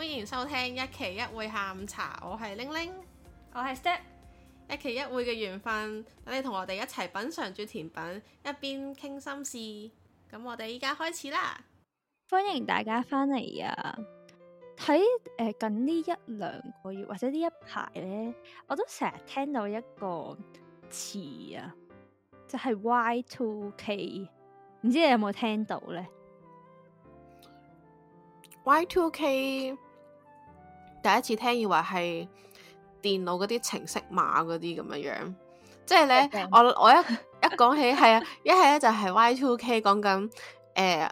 歡迎收聽一期一會下午茶，我係玲玲，我係 Step，一期一會嘅緣分，等你同我哋一齊品嘗住甜品，一邊傾心事。咁我哋依家開始啦，歡迎大家翻嚟啊！喺誒、呃、近呢一兩個月或者呢一排咧，我都成日聽到一個詞啊，就係、是、Y2K，唔知你有冇聽到咧？Y2K。第一次聽以為係電腦嗰啲程式碼嗰啲咁樣樣，即係咧我我一一講起係 啊，一係咧就係 Y two K 講緊誒，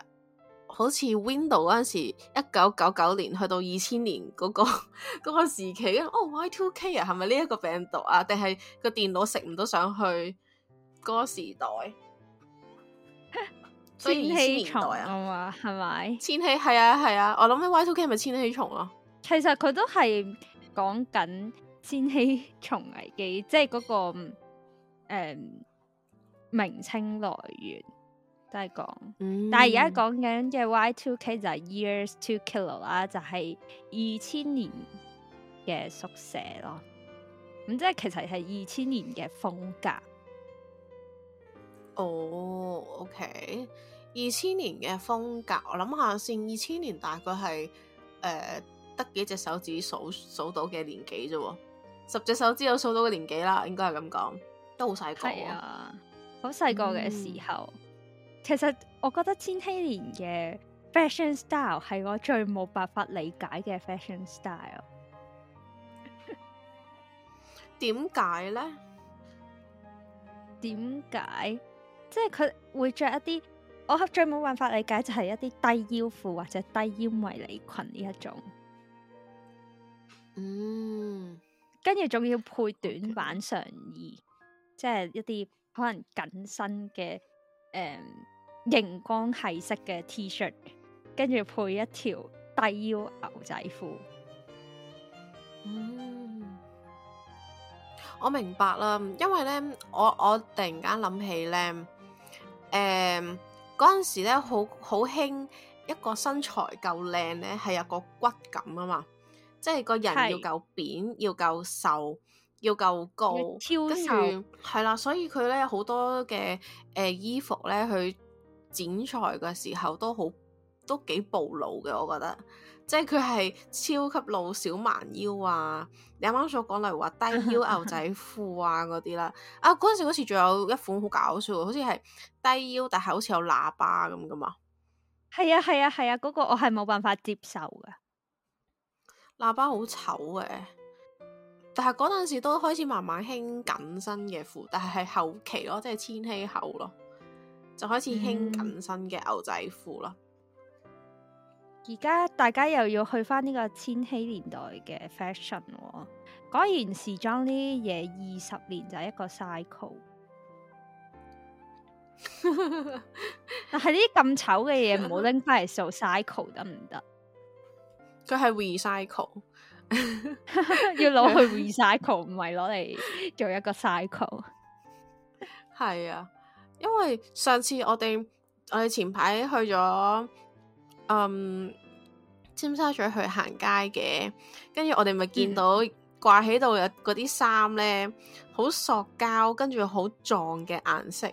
好似 Window 嗰陣時一九九九年去到二千年嗰、嗰個嗰 時期哦 Y two K 啊，係咪呢一個病毒啊？定係個電腦食唔到上去嗰個時代？ 千禧年代啊嘛，係咪？千禧係啊係啊,啊,啊，我諗起 Y two K 係咪千禧蟲咯、啊？其實佢都係講緊《千禧蟲危機》，即係嗰、那個、嗯、名稱來源都係講。嗯、但係而家講緊嘅 Y Two K 就係 Years Two Kilo 啦，就係二千年嘅縮寫咯。咁、嗯、即係其實係二千年嘅風格。哦、oh，OK，二千年嘅風格，我諗下先，二千年大概係誒。呃得幾隻手指數數到嘅年紀啫，十隻手指有數到嘅年紀啦，應該係咁講，都好細個。係啊，好細個嘅時候，嗯、其實我覺得千禧年嘅 fashion style 係我最冇辦法理解嘅 fashion style。點 解呢？點解即係佢會着一啲我最冇辦法理解就係一啲低腰褲或者低腰迷你裙呢一種。嗯，跟住仲要配短版上衣，即係一啲可能緊身嘅誒熒光系色嘅 T 恤，跟住配一條低腰牛仔褲。嗯，我明白啦，因為咧，我我突然間諗起咧，誒嗰陣時咧好好興一個身材夠靚咧，係有個骨感啊嘛。即係個人要夠扁，要夠瘦，要夠高，超瘦，係 啦 forced。所以佢咧好多嘅誒衣服咧，佢 剪裁嘅時候都好都幾暴露嘅。我覺得，即係佢係超級露小蠻腰啊！你啱啱所講例如話低腰牛仔褲啊嗰啲啦，啊嗰陣時好似仲有一款好搞笑，好似係低腰，但係好似有喇叭咁噶嘛？係啊係啊係啊！嗰個我係冇辦法接受嘅。喇叭好醜嘅，但係嗰陣時都開始慢慢興緊身嘅褲，但係後期咯，即係千禧後咯，就開始興緊身嘅牛仔褲咯。而家、嗯、大家又要去翻呢個千禧年代嘅 fashion，果然時裝呢啲嘢二十年就係一個 cycle。 但係呢啲咁醜嘅嘢，唔好拎翻嚟做 cycle 得唔得？佢係 recycle， 要攞去 recycle，唔係攞 嚟做一個 cycle。係 啊，因為上次我哋我哋前排去咗嗯尖沙咀去行街嘅，跟住我哋咪見到掛喺度嘅嗰啲衫咧，好、嗯、塑膠，跟住好撞嘅顏色，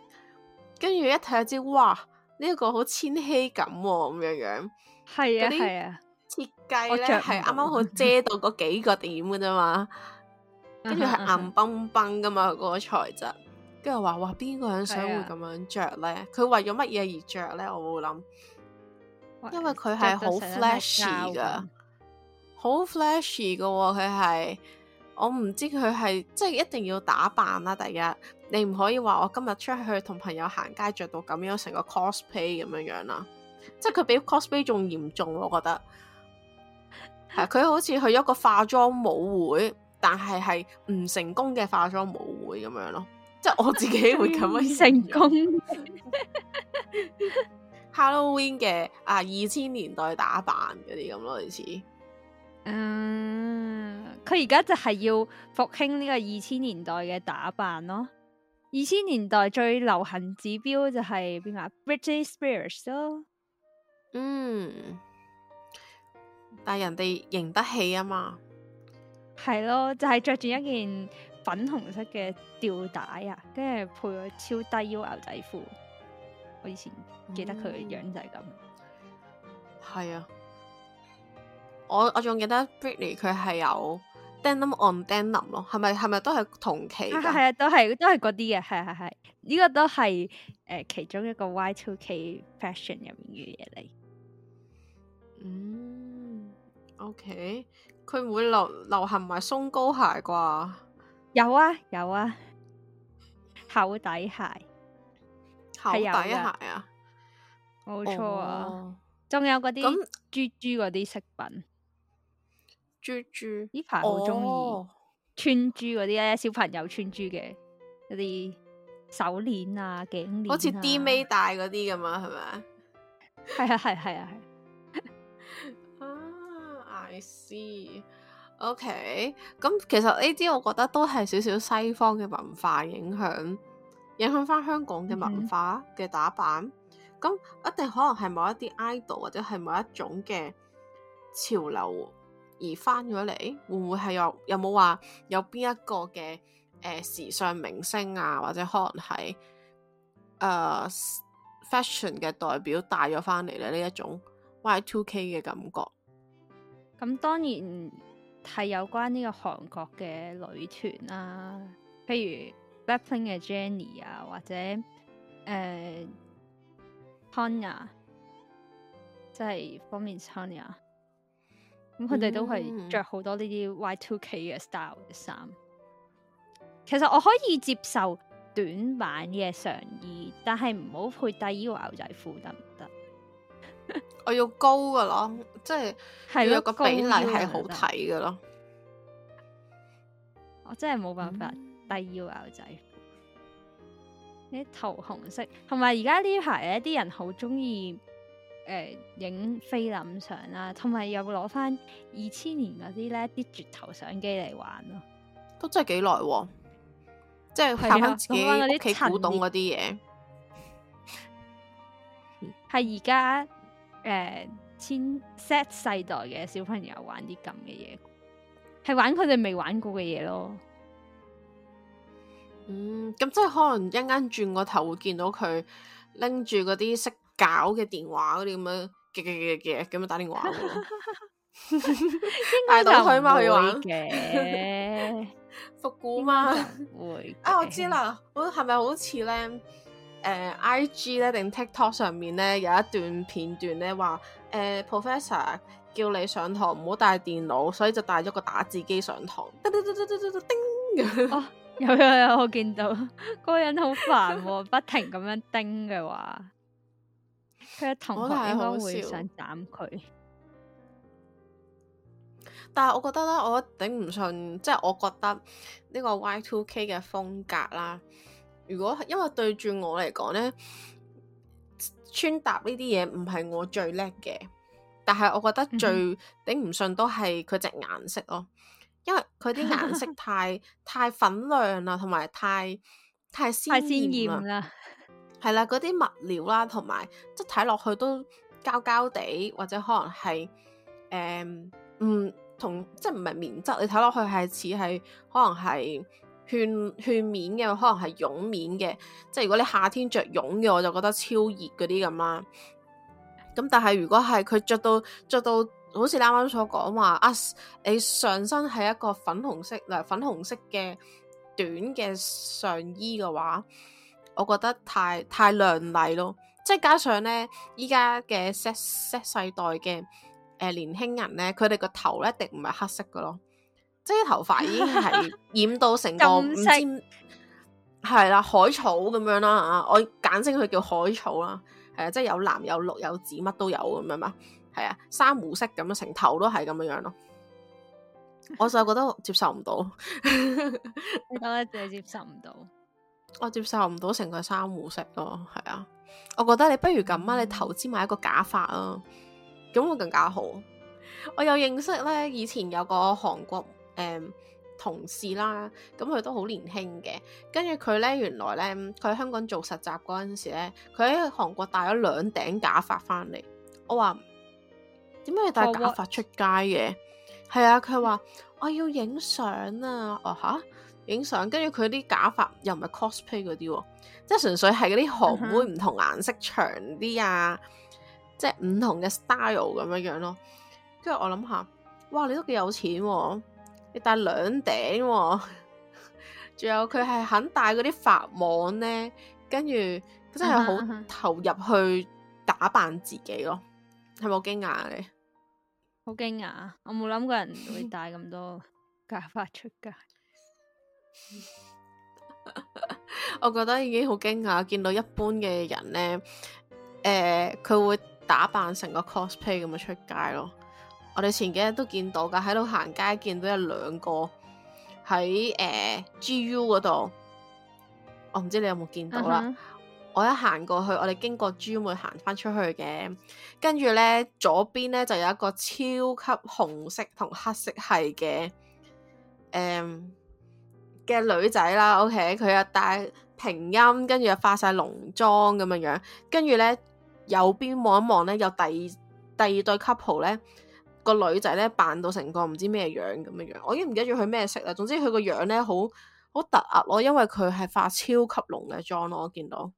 跟住一睇就知，哇！呢、這、一個好纖希千禧咁咁樣樣，係啊，係些啊。我咧係啱啱好遮到嗰幾個點嘅啫嘛，跟住係硬崩崩噶嘛嗰個材質，跟住話哇，邊個人想會咁樣着咧？佢為咗乜嘢而着咧？我會諗，因為佢係好 flashy 噶，好 flashy 噶。佢係我唔知佢係即係一定要打扮啦、啊。第一，你唔可以話我今日出去同朋友行街着到咁樣成個 cosplay 咁樣樣、啊、啦，即係佢比 cosplay 仲嚴重，我覺得。係佢、啊、好似去一個化妝舞會，但係係唔成功嘅化妝舞會咁樣咯。即係我自己會咁樣 成功 Halloween。Halloween 嘅啊，二千年代打扮嗰啲咁咯，類似。嗯，佢而家就係要復興呢個二千年代嘅打扮咯。二千年代最流行指標就係譬如 Britney Spears 咯。嗯。但係人哋型得起啊嘛，係咯， 就係着住一件粉紅色嘅吊帶啊，跟住配個超低腰牛仔褲。我以前記得佢嘅樣就係咁，係 啊。我我仲記得 Britney 佢係有 Denim on Denim 咯，係咪係咪都係同期噶？係啊，哎、都係都係嗰啲嘅，係係係，呢、哎這個都係誒其中一個 Y Two K fashion 入面嘅嘢嚟。嗯。O K，佢會流流行埋鬆糕鞋啩？啊？有啊有啊，厚底鞋，厚底鞋錯啊，冇錯啊，仲有嗰啲珠珠嗰啲飾品，珠珠呢排好中意穿珠嗰啲咧，小朋友穿珠嘅嗰啲手鏈啊、頸鏈，好似 D 妹戴嗰啲咁啊，係咪啊？係啊係係啊係。 I see，OK，、okay. 咁其實呢啲我覺得都係少少西方嘅文化影響，影響翻香港嘅文化嘅打扮。咁、mm hmm. 一定可能係某一啲 idol 或者係某一種嘅潮流而翻咗嚟，會唔會係有有冇話有邊一個嘅誒、呃、時尚明星啊，或者可能係誒、呃、fashion 嘅代表帶咗翻嚟咧？呢一種 Y2K 嘅感覺。咁當然係有關呢個韓國嘅女團啦、啊，譬如 BLACKPINK 嘅 Jennie 啊，或者誒 Kanya，、呃、即係方 o m e n t Kanya，咁佢、嗯、哋都係着好多呢啲 Y2K 嘅 style 嘅衫。其實我可以接受短版嘅上衣，但係唔好配低腰牛仔褲得唔得？行 我要高噶咯，即係要有個比例係好睇噶咯。我真係冇辦法低腰牛仔褲。啲桃紅色同埋而家呢排咧，啲人好中意誒影菲林相啦，同埋又攞翻二千年嗰啲咧啲絕頭相機嚟玩咯、啊。都真係幾耐，即係靠翻自己屋企古董嗰啲嘢。係而家。Sozial hätte 誒、呃，千 set 世代嘅小朋友玩啲咁嘅嘢，係玩佢哋未玩過嘅嘢咯。嗯，咁即係可能一陣間轉個頭會見到佢拎住嗰啲識搞嘅電話嗰啲咁樣嘅嘅嘅嘅，咁樣打電話咯。大到佢嘛去玩嘅，復 古嘛會啊！我知啦，我係咪好似咧？誒、uh, IG 咧定 TikTok 上面咧有一段片段咧話誒 Professor 叫你上堂唔好帶電腦，所以就帶咗個打字機上堂。叮，叮，叮，叮，叮、oh, 有！有有有，我見到嗰個 人好煩、啊， 不停咁樣叮嘅話，佢嘅 同學應該會想斬佢。但係我覺得咧，我頂唔順，即係我覺得呢、就是、覺得個 Y Two K 嘅風格啦。如果因為對住我嚟講咧，穿搭呢啲嘢唔係我最叻嘅，但係我覺得最頂唔順都係佢隻顏色咯，因為佢啲顏色太 太粉亮啦，同埋太太鮮太鮮豔啦，係啦，嗰啲物料啦，同埋即係睇落去都膠膠地，或者可能係誒唔，同即係唔係棉質？你睇落去係似係可能係。勸勸面嘅，可能係絨面嘅，即係如果你夏天着絨嘅，我就覺得超熱嗰啲咁啦。咁但係如果係佢着到着到好似啱啱所講話啊，你上身係一個粉紅色嗱、呃、粉紅色嘅短嘅上衣嘅話，我覺得太太亮麗咯。即係加上咧，依家嘅 Z Z 世代嘅誒、呃、年輕人咧，佢哋個頭咧一定唔係黑色嘅咯。即係頭髮已經係染到成個唔知係啦，海草咁樣啦啊，我簡稱佢叫海草啦，係即係有藍有綠有紫乜都有咁樣嘛，係啊，珊瑚色咁樣，成頭都係咁樣樣咯。我就覺得接受唔到，我覺得你接受唔到？我接受唔到成個珊瑚色咯，係啊，我覺得你不如咁啊，你投資埋一個假髮啊，咁會更加好。我有認識咧，以前有個韓國。誒、嗯、同事啦，咁、嗯、佢都好年輕嘅。跟住佢咧，原來咧，佢喺香港做實習嗰陣時咧，佢喺韓國帶咗兩頂假髮翻嚟。我話點解你帶假髮出街嘅？係我的 啊，佢話 我要影相啊。哦，吓影相，跟住佢啲假髮又唔係 cosplay 嗰啲、啊，即係純粹係嗰啲韓妹唔同顏色長啲啊，嗯、哼即係唔同嘅 style 咁樣樣咯、啊。跟住我諗下，哇，你都幾有錢喎、啊！你戴兩頂喎、哦，仲 有佢係肯戴嗰啲髮網咧，跟住佢真係好投入去打扮自己咯，係咪好驚訝、啊、你？好驚訝，我冇諗過人會戴咁多假髮出街。 我覺得已經好驚訝，見到一般嘅人咧，誒、呃，佢會打扮成個 cosplay 咁樣出街咯。我哋前幾日都見到噶，喺度行街見到有兩個喺誒、呃、G.U. 嗰度，我唔知你有冇見到啦。嗯、哼我一行過去，我哋經過 G.U. 會行翻出去嘅。跟住咧，左邊咧就有一個超級紅色同黑色係嘅，誒、呃、嘅女仔啦。O.K. 佢又戴平音，跟住又化晒濃妝咁樣樣。跟住咧，右邊望一望咧，有第二第二對 couple 咧。個女仔咧扮到成個唔知咩樣咁樣樣，我已經唔記得咗佢咩色啦。總之佢個樣咧好好突兀咯，因為佢係化超級濃嘅妝咯，我見到。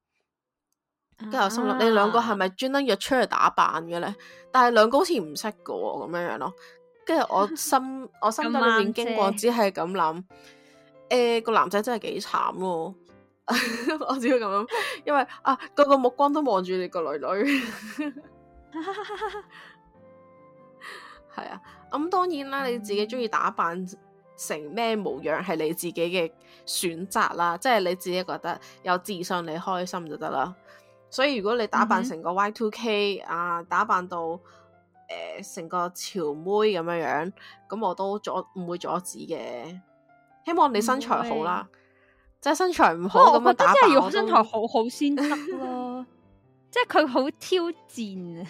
跟住我心諗，你兩個係咪專登約出去打扮嘅咧？但係兩個好似唔識噶，咁樣樣咯。跟住我心，我心裏面經過只係咁諗，誒、欸，個男仔真係幾慘咯。 我只要咁諗，因為啊，個個目光都望住你個女女。 係啊，咁、嗯嗯、當然啦，你自己中意打扮成咩模樣係你自己嘅選擇啦，即、就、係、是、你自己覺得有自信、你開心就得啦。所以如果你打扮成個 Y Two K、嗯、喲啊，打扮到誒成個潮妹咁樣樣，咁我都阻唔會阻止嘅。希望你身材好啦，是即係身材唔好咁過樣打扮我覺得真係要身材好好先得咯。 即係佢好挑戰啊，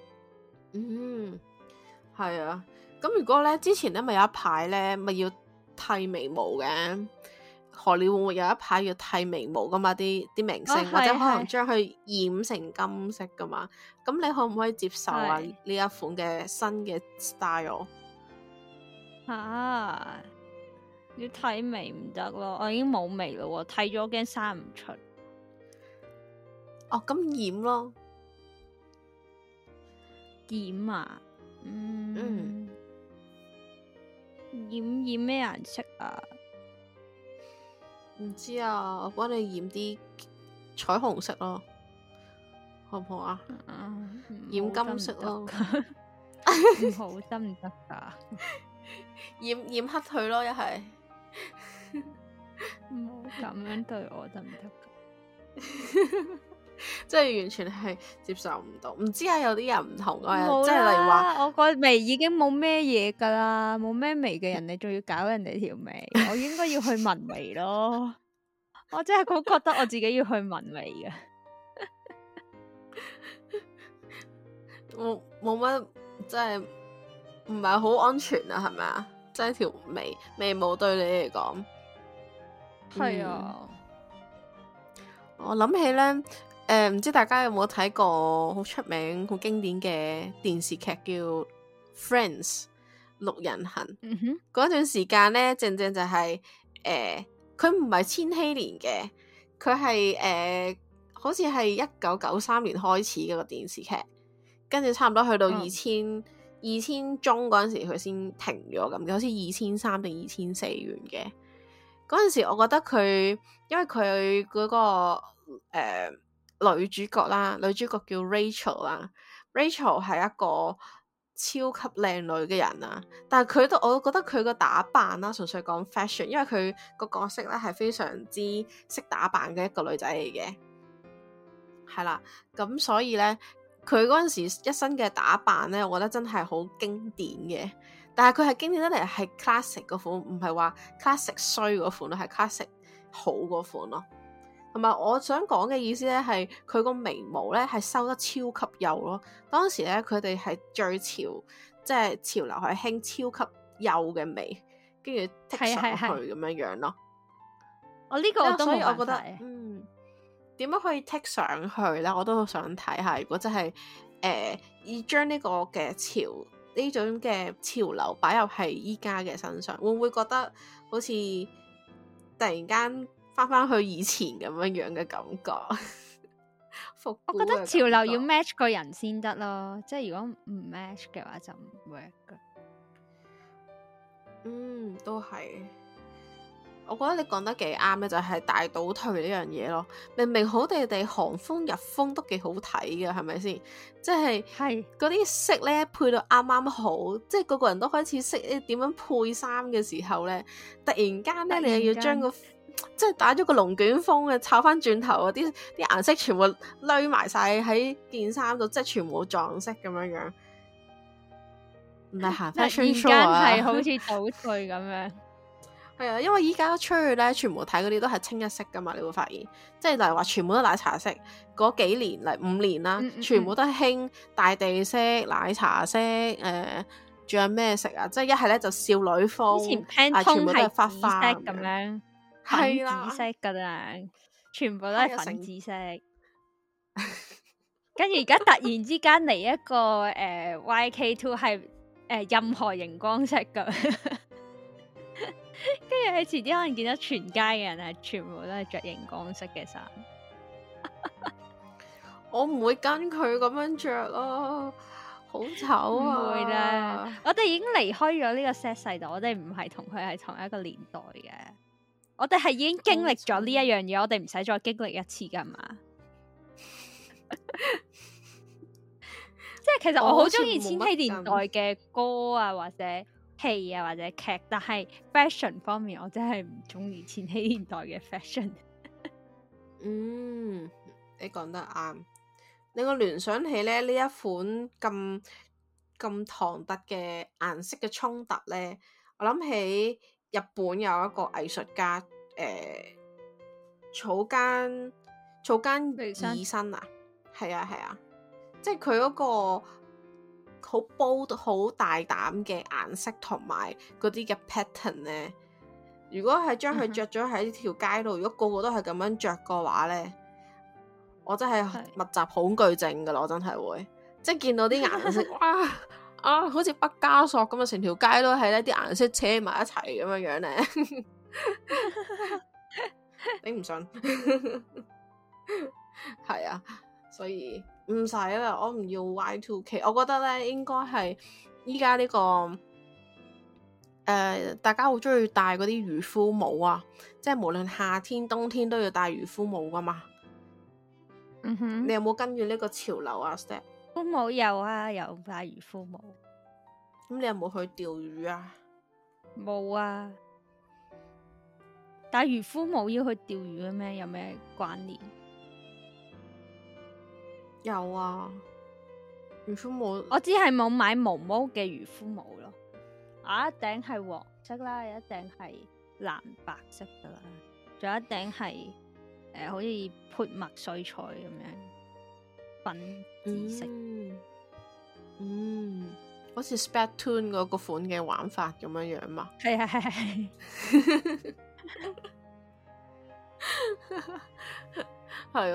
嗯。係啊，咁如果咧之前咧咪有一排咧咪要剃眉毛嘅，荷里活會有一排要剃眉毛噶嘛？啲啲明星或者可能將佢染成金色噶嘛？咁你可唔可以接受啊？呢是一款嘅新嘅 style 啊，要剃眉唔得咯，我已經冇眉咯，剃咗驚生唔出。哦，咁染咯，染啊！嗯，嗯，染染咩顏色啊？唔知啊，我幫你染啲彩虹色咯，好唔好啊？嗯嗯，染金色咯，好得唔得噶？染染黑佢咯，一係唔好咁樣對我得唔得？ 即係完全係接受唔到，唔知啊，有啲人唔同啊，啦即係例如話我個眉已經冇咩嘢噶啦，冇咩眉嘅人，你仲要搞人哋條眉， 我應該要去紋眉咯。 我真係好覺得我自己要去紋眉嘅，冇冇乜，即係唔係好安全啊？係咪啊？即係條眉眉毛對你嚟講係啊，我諗起咧。誒唔、呃、知大家有冇睇過好出名、好經典嘅電視劇叫《Friends》六人行。嗰、mm hmm. 段時間呢，正正就係、是、誒，佢唔係千禧年嘅，佢係誒，好似係一九九三年開始嘅個電視劇，跟住差唔多去到二千二千中嗰陣時，佢先停咗咁嘅，好似二千三定二千四完嘅。嗰陣時我覺得佢，因為佢嗰、那個、呃女主角啦，女主角叫 Rachel 啦，Rachel 係一個超級靚女嘅人啊，但係佢都，我覺得佢個打扮啦，純粹講 fashion，因為佢個角色咧係非常之識打扮嘅一個女仔嚟嘅，係啦，咁所以咧，佢嗰陣時一身嘅打扮咧，我覺得真係好經典嘅，但係佢係經典得嚟係 classic 嗰款，唔係話 classic 衰嗰款咯，係 classic 好嗰款咯。同埋我想講嘅意思咧，係佢個眉毛咧係收得超級幼咯。當時咧佢哋係最潮，即係潮流係興超級幼嘅眉，跟住剔上去咁是樣是是是樣咯。我呢這個後我都所以，我覺得嗯，點樣可以剔上去咧？我都好想睇下。如果真係誒，以將呢個嘅潮呢種嘅潮流擺入係依家嘅身上，會唔會覺得好似突然間？翻翻去以前咁樣樣嘅感覺，我覺得潮流要 match 個人先得咯。即係如果唔 match 嘅話就唔 work。嗯，都係。我覺得你講得幾啱嘅，就係大倒退呢樣嘢咯。明明好地地韓風日風都幾好睇嘅，係咪先？即係係嗰啲色咧配到啱啱好，即係個個人都開始識誒點樣配衫嘅時候咧，突然間咧你又要將個。即係打咗個龍捲風嘅，炒翻轉頭嗰啲啲顏色全部累埋晒喺件衫度，即係全部撞色咁樣 樣，唔係行翻穿錯係好似倒退咁樣，係啊，因為依家出去咧，全部睇嗰啲都係清一色噶嘛，你會發現即係例如話全部都奶茶色嗰幾年嚟，五年啦、啊， 全部都興大地色、奶茶色，誒、呃，仲有咩色啊？即係一係咧就少女風，係、呃、全部都係花花咁樣。粉紫色噶啦，全部都係粉紫色。跟住而家突然之間嚟一個誒、 呃、Y2K 係誒任何熒光色噶。跟住喺遲啲可能見到全街嘅人係全部都係着熒光色嘅衫。 我唔會跟佢咁樣着咯、啊，好醜啊！會啦，我哋已經離開咗呢個 set 世代，我哋唔係同佢係同一個年代嘅。我哋係已經經歷咗呢一樣嘢，嗯、我哋唔使再經歷一次噶嘛？即 係其實我好中意千禧年代嘅歌啊，或者戲啊，或者劇，但係 fashion 方面，我真係唔中意千禧年代嘅 fashion。 嗯，你講得啱。令我聯想起咧呢一款咁咁唐突嘅顏色嘅衝突咧，我諗起日本有一個藝術家。誒、呃，草間草間以生啊，係身啊係啊，即係佢嗰個好 bold、好大膽嘅顏色同埋嗰啲嘅 pattern 咧。如果係將佢着咗喺條街度，嗯、哼如果個個都係咁樣着嘅話咧，我真係密集恐懼症噶啦，我真係會，即係見到啲顏色、嗯、哇啊，好似畢加索咁啊，成條街都係咧啲顏色扯埋一齊咁樣樣咧。 你唔信？係啊，所以唔使啦，我唔要 Y two K。我覺得咧，應該係依家呢個誒、呃，大家好中意戴嗰啲漁夫帽啊，即係無論夏天、冬天都要戴漁夫帽噶嘛。嗯、哼你有冇跟住呢個潮流啊？Step，都冇有啊，有戴漁夫帽。咁、嗯、你有冇去釣魚啊？冇啊。但係漁夫帽要去釣魚嘅咩？有咩關聯？有啊，漁夫帽我只係冇買毛毛嘅漁夫帽咯，啊一頂係黃色啦，有一頂係藍白色噶啦，仲有一頂係誒好似潑墨水彩咁樣粉紫色，嗯，好、嗯、似 Spatoon 嗰個款嘅玩法咁樣樣嘛，係啊係係。係啊，即係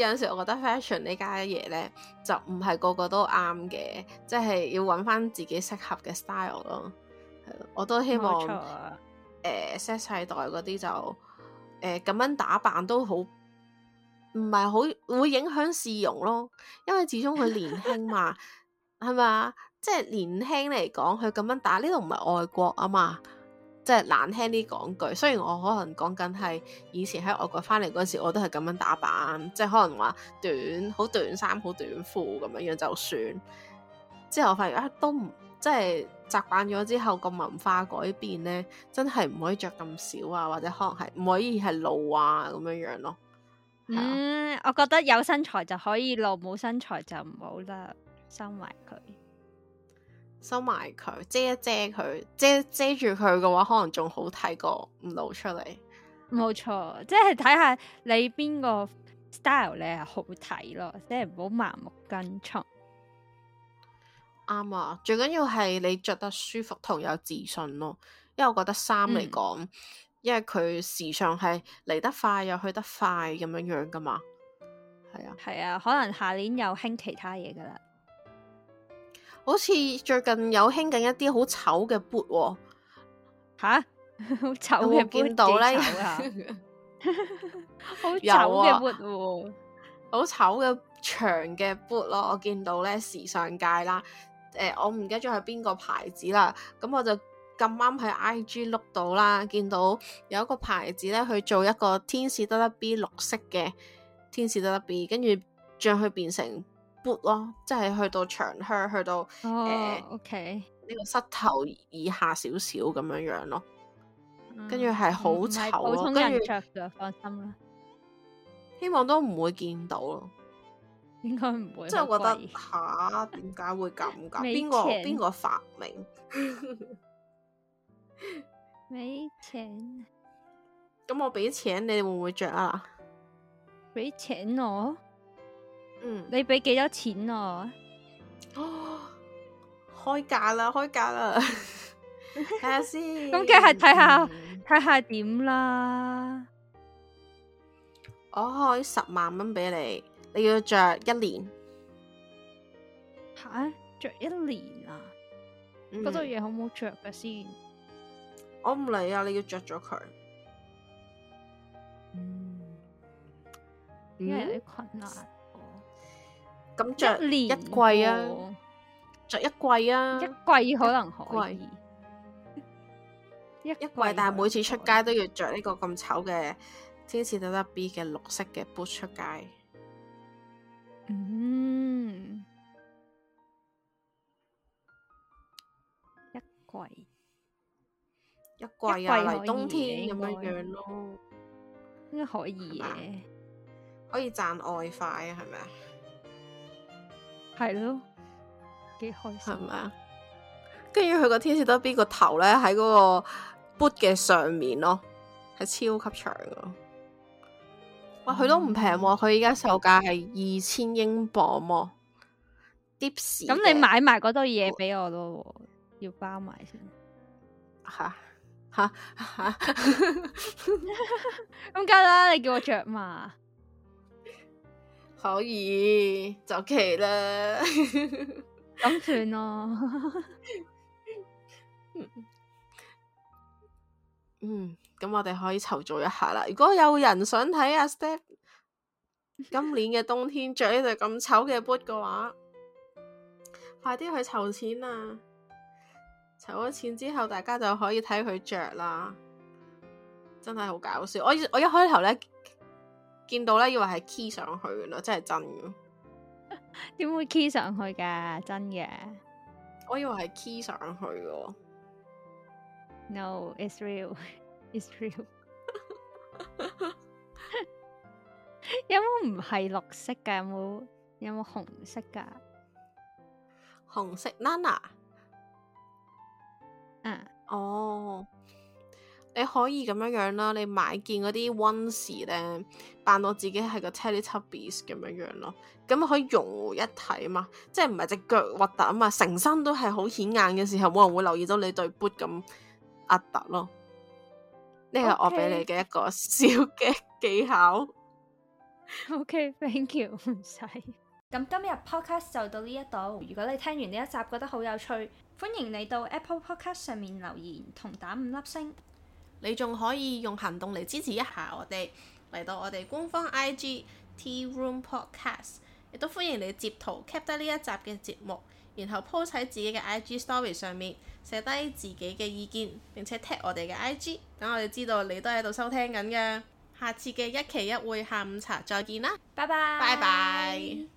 有陣時，我覺得 fashion 家呢家嘢咧，就唔係個個都啱嘅，即、就、係、是、要揾翻自己適合嘅 style 咯。我都希望誒 set 世代嗰啲就誒咁、呃、樣打扮都好唔係好會影響市容咯，因為始終佢年輕嘛，係咪？即係年輕嚟講，佢咁樣打呢度唔係外國啊嘛。即係難聽啲講句，雖然我可能講緊係以前喺外國翻嚟嗰時，我都係咁樣打扮，即係可能話短好短衫好短褲咁樣樣就算。之後我發現啊，都唔即係習慣咗之後，個文化改變咧，真係唔可以着咁少啊，或者可能係唔可以係露啊咁樣樣咯。嗯，啊、我覺得有身材就可以露，冇身材就唔好啦，收埋佢。收埋佢，遮一遮佢，遮遮住佢嘅話，可能仲好睇過唔露出嚟。冇錯。嗯、即係睇下你邊個 style 咧係好睇咯，即係唔好盲目跟從。啱、嗯、啊，最緊要係你着得舒服同有自信咯。因為我覺得衫嚟講，嗯、因為佢時尚係嚟得快又去得快咁樣樣噶嘛。係啊，係啊，可能下年又興其他嘢噶啦。好似最近有興緊一啲、哦、哈 好醜嘅 boot，吓？ 好醜嘅 boot 見到咧，好、哦、 醜嘅 boot，好醜嘅長嘅 boot 咯、哦。我見到咧時尚界啦，誒、呃，我唔記得咗係邊個牌子啦。咁我就咁啱喺 IG 碌到啦，見到有一個牌子咧去做一個天使得得 B 綠色嘅天使得得 B，跟住將佢變成。咯，即係去到長靴，去到誒，呢個膝頭以下少少咁樣樣咯，跟住係好醜，跟住着，放心啦，希望都唔會見到咯，應該唔會。即係我覺得吓，點解會咁噶？邊個邊個發明？畀錢，咁我畀錢你哋，會唔會着啊？俾錢我？你俾幾多錢哦，開價啦，開價啦，睇下先。咁梗係睇下睇下點啦。我開十萬蚊俾你，你要着一年。吓，着一年啊？嗰套嘢好唔好着噶先？我唔理啊，你要着咗佢。嗯，點解有啲困難？嗯咁着一季啊，着一季啊，一季可能可以一季， 一季，但係每次出街都要着呢個咁醜嘅天使特得。B 嘅綠色嘅 boot 出街，嗯，一季一季又、啊、係冬天咁樣樣咯，應該可以嘅、啊，吧可以賺外快啊，係咪啊？係咯，幾開心係咪啊？跟住佢個天使得邊個頭咧，喺嗰個 boot 嘅上面咯，係超級長嘅。哇，佢都唔平喎，佢而家售價係二千英鎊喎、啊。嗯、Dipsy 咁你買埋嗰堆嘢畀我咯、啊，嗯、要包埋先。吓吓吓！咁梗啦，你叫我着嘛？可以就奇啦，咁算咯。嗯，咁我哋可以籌造一下啦。如果有人想睇阿 Step 今年嘅冬天着呢對咁醜嘅 boot 嘅話，快啲去籌錢啦！籌咗錢之後，大家就可以睇佢着啦。真係好搞笑！我我一開頭咧。見到咧，以為係 key 上去嘅咯，真係真嘅。點 會 key 上去嘅？真嘅，我以為係 key 上去嘅。No，it's real，it's real。有冇唔係綠色嘅？有冇，有冇紅色噶？紅色 Nana。嗯，哦，你可以咁樣樣啦。你買件嗰啲 onesie 咧。扮到自己係個 Teletubbies 咁樣樣咯，咁可以融為一體啊嘛，即係唔係隻腳核突啊嘛，成身都係好顯眼嘅時候，冇人會留意到你對 boot 咁核突咯。呢個我俾你嘅一個小嘅技巧。OK，okay. Okay. thank you，唔使。咁今日 podcast 就到呢一度，如果你聽完呢一集覺得好有趣，歡迎你到 Apple Podcast 上面留言同打五粒星，你仲可以用行動嚟支持一下我哋，嚟到我哋官方 IG Tea Room Podcast，亦都歡迎你截圖，cap 得呢一集嘅節目，然後 po 喺自己嘅 IG Story 上面，寫低自己嘅意見，並且 tag 我哋嘅 IG，等我哋知道你都喺度收聽緊嘅。下次嘅一期一會下午茶，再見啦，拜拜，拜拜。